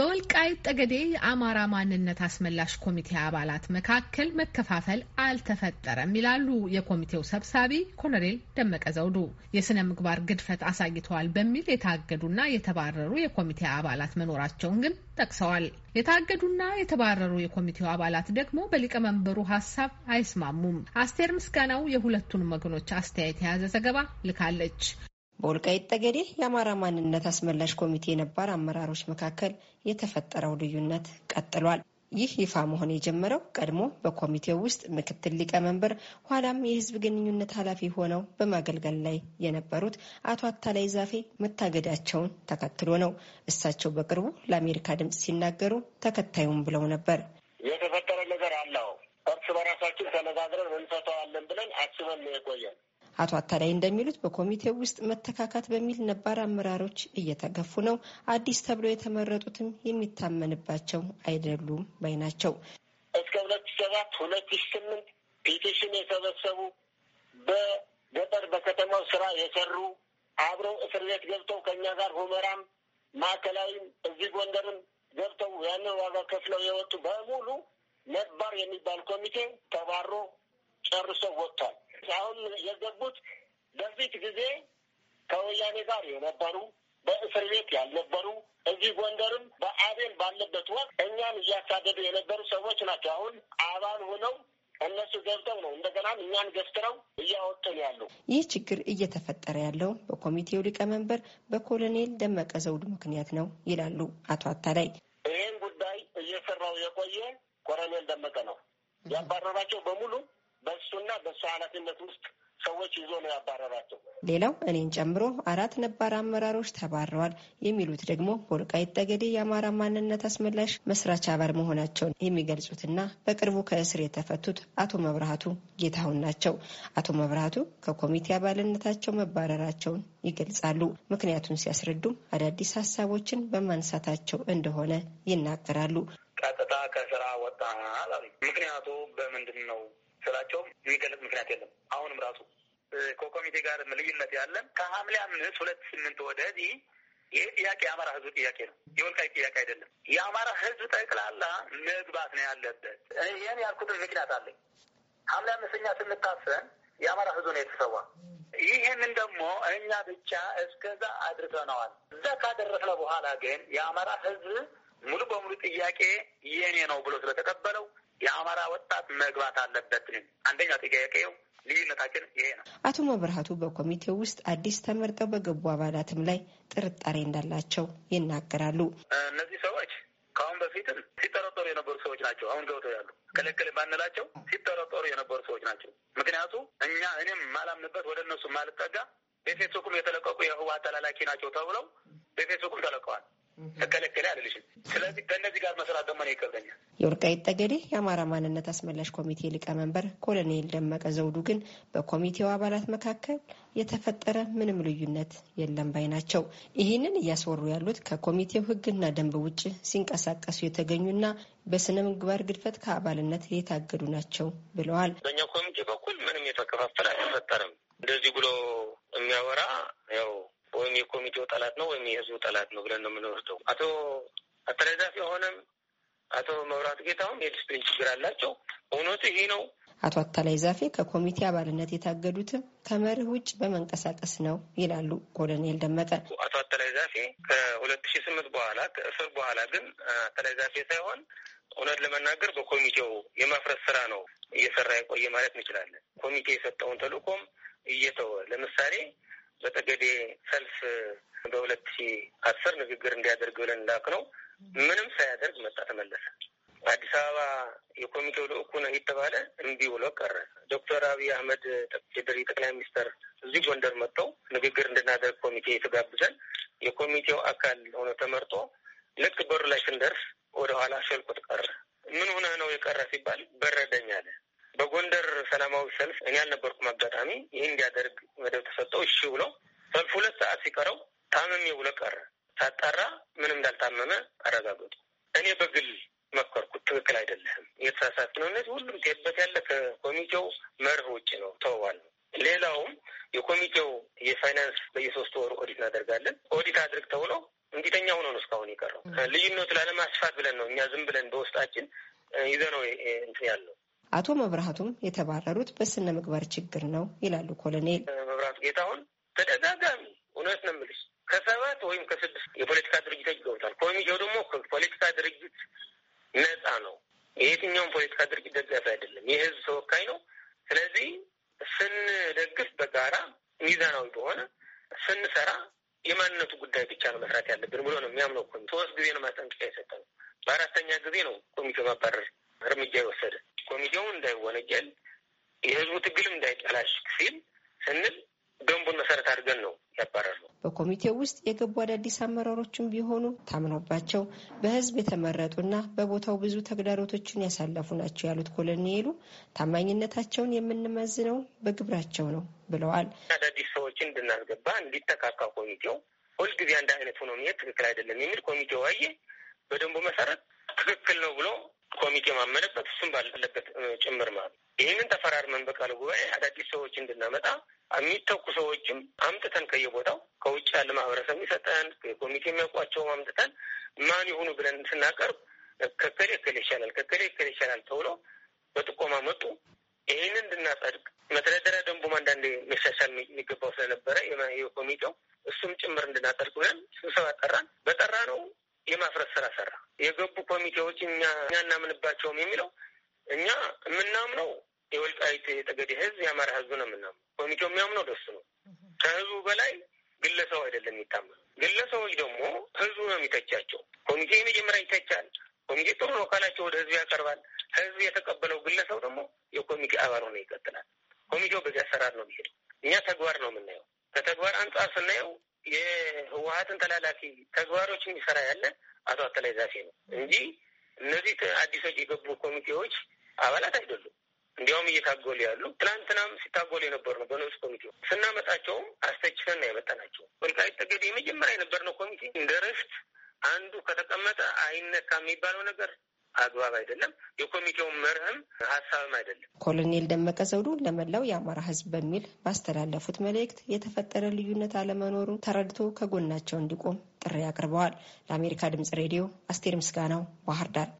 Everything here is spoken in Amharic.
በወልቃይት ጠገዴ የአማራ ማንነት አስመላሽ ኮሚቴ አባላት መካከል መከፋፈል አልተፈጠረም ይላሉ የኮሚቴው ሰብሳቢ ኮሎኔል ደመቀ ዘውዱ። የስነ ምግባር ግድፈት አሳይተዋል በሚል የታገዱና የተባረሩ የኮሚቴ አባላት መኖራቸውን ግን ጠቅሰዋል። የታገዱና የተባረሩ የኮሚቴው አባላት ደግሞ በሊቀመንበሩ ሀሳብ አይስማሙም። አስቴር ምስጋናው የሁለቱን ወገኖች አስተያየት የያዘ ዘገባ ልካለች። በወልቃይት ጠገዴ የአማራ ማንነት አስመላሽ ኮሚቴ ነባር አመራሮች መካከል የተፈጠረው ልዩነት ቀጥሏል። ይህ ይፋ መሆን የጀመረው ቀድሞ በኮሚቴው ውስጥ ምክትል ሊቀመንበር ኋላም የሕዝብ ግንኙነት ኃላፊ ሆነው በማገልገል ላይ የነበሩት አቶ አታላይ ዛፌ መታገዳቸውን ተከትሎ ነው። እሳቸው በቅርቡ ለአሜሪካ ድምፅ ሲናገሩ ተከታዩም ብለው ነበር። የተፈጠረ ነገር አለው። እርስ በራሳችን ተነጋግረን እንፈታዋለን ብለን አስበን ነው የቆየን አቶ አታላይ እንደሚሉት በኮሚቴው ውስጥ መተካካት በሚል ነባር አመራሮች እየተገፉ ነው። አዲስ ተብሎ የተመረጡትም የሚታመንባቸው አይደሉም ባይ ናቸው። እስከ ሁለት ሰባት ሁለት ስምንት ፔቲሽን የሰበሰቡ በገጠር በከተማው ስራ የሰሩ አብረው እስር ቤት ገብተው ከእኛ ጋር ሁመራም ማዕከላዊም እዚህ ጎንደርም ገብተው ያንን ዋጋ ከፍለው የወጡ በሙሉ ነባር የሚባል ኮሚቴ ተባሮ ጨርሶ ወጥቷል። አሁን የገቡት በፊት ጊዜ ከወያኔ ጋር የነበሩ በእስር ቤት ያልነበሩ እዚህ ጎንደርም በአቤል ባለበት ወቅት እኛን እያሳደዱ የነበሩ ሰዎች ናቸው። አሁን አባል ሆነው እነሱ ገብተው ነው እንደገና እኛን ገፍትረው እያወጡን ያሉ። ይህ ችግር እየተፈጠረ ያለው በኮሚቴው ሊቀመንበር በኮሎኔል ደመቀ ዘውድ ምክንያት ነው ይላሉ አቶ አታላይ። ይህን ጉዳይ እየሰራው የቆየ ኮሎኔል ደመቀ ነው። ያባረራቸው በሙሉ በእሱና በእሱ ኃላፊነት ውስጥ ሰዎች ይዞ ነው ያባረራቸው። ሌላው እኔን ጨምሮ አራት ነባር አመራሮች ተባረዋል የሚሉት ደግሞ በወልቃይት ጠገዴ የአማራ ማንነት አስመላሽ መስራች አባል መሆናቸውን የሚገልጹትና በቅርቡ ከእስር የተፈቱት አቶ መብርሃቱ ጌታሁን ናቸው። አቶ መብርሃቱ ከኮሚቴ አባልነታቸው መባረራቸውን ይገልጻሉ። ምክንያቱን ሲያስረዱም አዳዲስ ሀሳቦችን በማንሳታቸው እንደሆነ ይናገራሉ። ቀጥታ ከስራ ወጣ አላለኝ። ምክንያቱ በምንድን ነው ስላቸው የሚገለጽ ምክንያት የለም። አሁንም ራሱ ከኮሚቴ ጋር ልዩነት ያለን ከሐምሌ አምስት ሁለት ስምንት ወደዚህ ይህ ጥያቄ የአማራ ህዝብ ጥያቄ ነው፣ የወልቃይት ጥያቄ አይደለም። የአማራ ህዝብ ጠቅላላ መግባት ነው ያለበት። ይህን ያልኩትን ምክንያት አለኝ። ሐምሌ አምስተኛ ስንታሰን የአማራ ህዝብ ነው የተሰዋ። ይህንን ደግሞ እኛ ብቻ እስከዛ አድርገነዋል። እዛ ካደረስነ በኋላ ግን የአማራ ህዝብ ሙሉ በሙሉ ጥያቄ የኔ ነው ብሎ ስለተቀበለው የአማራ ወጣት መግባት አለበት። አንደኛው ጥያቄው ልዩነታችን ይሄ ነው። አቶ መብርሃቱ በኮሚቴው ውስጥ አዲስ ተመርጠው በገቡ አባላትም ላይ ጥርጣሬ እንዳላቸው ይናገራሉ። እነዚህ ሰዎች ከአሁን በፊትም ሲጠረጠሩ የነበሩ ሰዎች ናቸው። አሁን ገብተው ያሉ ክልክል ባንላቸው ሲጠረጠሩ የነበሩ ሰዎች ናቸው። ምክንያቱ እኛ እኔም ማላምንበት ወደ እነሱ ማልጠጋ በፌስቡክም የተለቀቁ የህዋ ተላላኪ ናቸው ተብለው በፌስቡክም ተለቀዋል። ተከለከለ አልልሽም። ስለዚህ ከእነዚህ ጋር መስራት ደግሞ ነው ይከብደኛል። የወልቃይት ጠገዴ የአማራ ማንነት አስመላሽ ኮሚቴ ሊቀመንበር ኮሎኔል ደመቀ ዘውዱ ግን በኮሚቴው አባላት መካከል የተፈጠረ ምንም ልዩነት የለም ባይ ናቸው። ይህንን እያስወሩ ያሉት ከኮሚቴው ሕግና ደንብ ውጭ ሲንቀሳቀሱ የተገኙና በስነ ምግባር ግድፈት ከአባልነት የታገዱ ናቸው ብለዋል። በእኛ ኮሚቴ በኩል ምንም የተከፋፈለ አልተፈጠረም። እንደዚህ ብሎ የሚያወራ ወይም የኮሚቴው ጠላት ነው ወይም የህዝቡ ጠላት ነው ብለን ነው የምንወስደው። አቶ አተረዳፊ የሆነም አቶ መብራት ጌታውም የዲስፕሊን ችግር አላቸው። እውነቱ ይሄ ነው። አቶ አታላይ ዛፌ ከኮሚቴ አባልነት የታገዱትም ከመርህ ውጭ በመንቀሳቀስ ነው ይላሉ ኮሎኔል ደመቀ። አቶ አታላይ ዛፌ ከሁለት ሺ ስምንት በኋላ ከእስር በኋላ ግን አታላይ ዛፌ ሳይሆን እውነት ለመናገር በኮሚቴው የማፍረስ ስራ ነው እየሰራ የቆየ ማለት እንችላለን። ኮሚቴ የሰጠውን ተልዕኮም እየተወ ለምሳሌ በጠገዴ ሰልፍ በሁለት ሺ አስር ንግግር እንዲያደርግ ብለን ላክ ነው። ምንም ሳያደርግ መጣ ተመለሰ። አዲስ አበባ የኮሚቴው ልኡኩ ነው የተባለ እምቢ ብሎ ቀረ። ዶክተር አብይ አህመድ የድሪ ጠቅላይ ሚኒስተር እዚህ ጎንደር መጥተው ንግግር እንድናደርግ ኮሚቴ የተጋብዘን የኮሚቴው አካል ሆኖ ተመርጦ ልክ በሩ ላይ ስንደርስ ወደኋላ ሸልቆት ቀረ። ምን ሆነህ ነው የቀረ ሲባል በረደኝ አለ። በጎንደር ሰላማዊ ሰልፍ እኔ አልነበርኩም አጋጣሚ ይህ እንዲያደርግ መደብ ተሰጠው። እሺ ብሎ ሰልፍ ሁለት ሰዓት ሲቀረው ታመሜ ብሎ ቀረ። ሳጣራ ምንም እንዳልታመመ አረጋገጡ። እኔ በግል መከርኩት። ትክክል አይደለም፣ የተሳሳት ነው። እነዚህ ሁሉም ትሄድበት ያለ ከኮሚቴው መርህ ውጭ ነው። ተውዋል። ሌላውም የኮሚቴው የፋይናንስ በየሶስት ወሩ ኦዲት እናደርጋለን። ኦዲት አድርግ ተብሎ እንዲተኛ ሆኖ ነው እስካሁን የቀረው። ልዩነቱ ላለማስፋት ብለን ነው እኛ ዝም ብለን በውስጣችን ይዘ ነው እንትን ያለው አቶ መብራቱም የተባረሩት በስነ ምግባር ችግር ነው ይላሉ ኮሎኔል መብራቱ ጌታሁን። ተደጋጋሚ እውነት ነው የምልሽ ከሰባት ወይም ከስድስት የፖለቲካ ድርጅቶች ገብቷል። ኮሚቴው ደግሞ ፖለቲካ ድርጅት ነፃ ነው። የየትኛውም ፖለቲካ ድርጅት ደጋፊ አይደለም፣ የህዝብ ተወካይ ነው። ስለዚህ ስንደግፍ በጋራ ሚዛናዊ በሆነ ስንሰራ የማንነቱ ጉዳይ ብቻ ነው መስራት ያለብን ብሎ ነው የሚያምነው ሶስት ጊዜ ነው ማስጠንቀቂያ የሰጠ ነው። በአራተኛ ጊዜ ነው ኮሚቴው ማባረር እርምጃ የወሰደ ኮሚቴው እንዳይወነጀል የህዝቡ ትግልም እንዳይጠላሽ ሲል ስንል ደንቡን መሰረት አድርገን ነው ያባረርነው። በኮሚቴው ውስጥ የገቡ አዳዲስ አመራሮችም ቢሆኑ ታምኖባቸው በህዝብ የተመረጡና በቦታው ብዙ ተግዳሮቶችን ያሳለፉ ናቸው ያሉት ኮሎኔሉ ታማኝነታቸውን የምንመዝነው በግብራቸው ነው ብለዋል። አዳዲስ ሰዎችን እንድናስገባ እንዲተካካ ኮሚቴው ሁልጊዜ አንድ አይነት ሆኖ መሄድ ትክክል አይደለም የሚል ኮሚቴው አየ በደንቡ መሰረት ትክክል ነው ብሎ ኮሚቴ ማመነበት እሱም ባለበት ጭምር ማለት ይህንን ተፈራርመን በቃለ ጉባኤ አዳዲስ ሰዎች እንድናመጣ የሚተኩ ሰዎችም አምጥተን ከየቦታው ከውጭ ያለ ማህበረሰብ የሚሰጠን ኮሚቴ የሚያውቋቸው አምጥተን ማን ይሁኑ ብለን ስናቀርብ ከከሌ ከሌ ይሻላል ከከሌ ከሌ ይሻላል ተብሎ በጥቆማ መጡ። ይህንን እንድናጸድቅ መተዳደሪያ ደንቡም አንዳንድ መሻሻል የሚገባው ስለነበረ የኮሚቴው እሱም ጭምር እንድናጸድቅ ብለን ስብሰባ ጠራን። በጠራ ነው የማፍረስ ስራ ሰራ። የገቡ ኮሚቴዎች እኛ እኛ እናምንባቸውም የሚለው እኛ የምናምነው የወልቃይት የጠገዴ ህዝብ የአማራ ህዝብ ነው የምናምነው። ኮሚቴው የሚያምነው ደሱ ነው። ከህዝቡ በላይ ግለሰቡ አይደለም የሚታመኑ ግለሰቦች ደግሞ ህዝቡ ነው የሚተቻቸው። ኮሚቴ የመጀመሪያ ይተቻል። ኮሚቴ ጥሩ ነው ካላቸው ወደ ህዝብ ያቀርባል። ህዝብ የተቀበለው ግለሰብ ደግሞ የኮሚቴ አባል ሆነ ይቀጥላል። ኮሚቴው በዚህ አሰራር ነው ሚሄድ። እኛ ተግባር ነው የምናየው። ከተግባር አንጻር ስናየው የህወሀትን ተላላፊ ተግባሮች የሚሰራ ያለ አቶ አተላይ ዛሴ ነው እንጂ እነዚህ አዲሶች የገቡ ኮሚቴዎች አባላት አይደሉም። እንዲያውም እየታጎሉ ያሉ ትናንትናም ሲታጎሉ የነበሩ ነው። በንዑስ ኮሚቴው ስናመጣቸውም አስተችተን ያመጣናቸው ወልቃይት ጠገዴ የመጀመሪያ የነበርነው ኮሚቴ እንደ ርስት አንዱ ከተቀመጠ አይነካ የሚባለው ነገር አግባብ አይደለም። የኮሚቴው መርህም ሀሳብም አይደለም። ኮሎኔል ደመቀ ዘውዱ ለመላው የአማራ ሕዝብ በሚል ባስተላለፉት መልእክት የተፈጠረ ልዩነት አለመኖሩን ተረድቶ ከጎናቸው እንዲቆም ጥሪ አቅርበዋል። ለአሜሪካ ድምጽ ሬዲዮ አስቴር ምስጋናው ባህር ዳር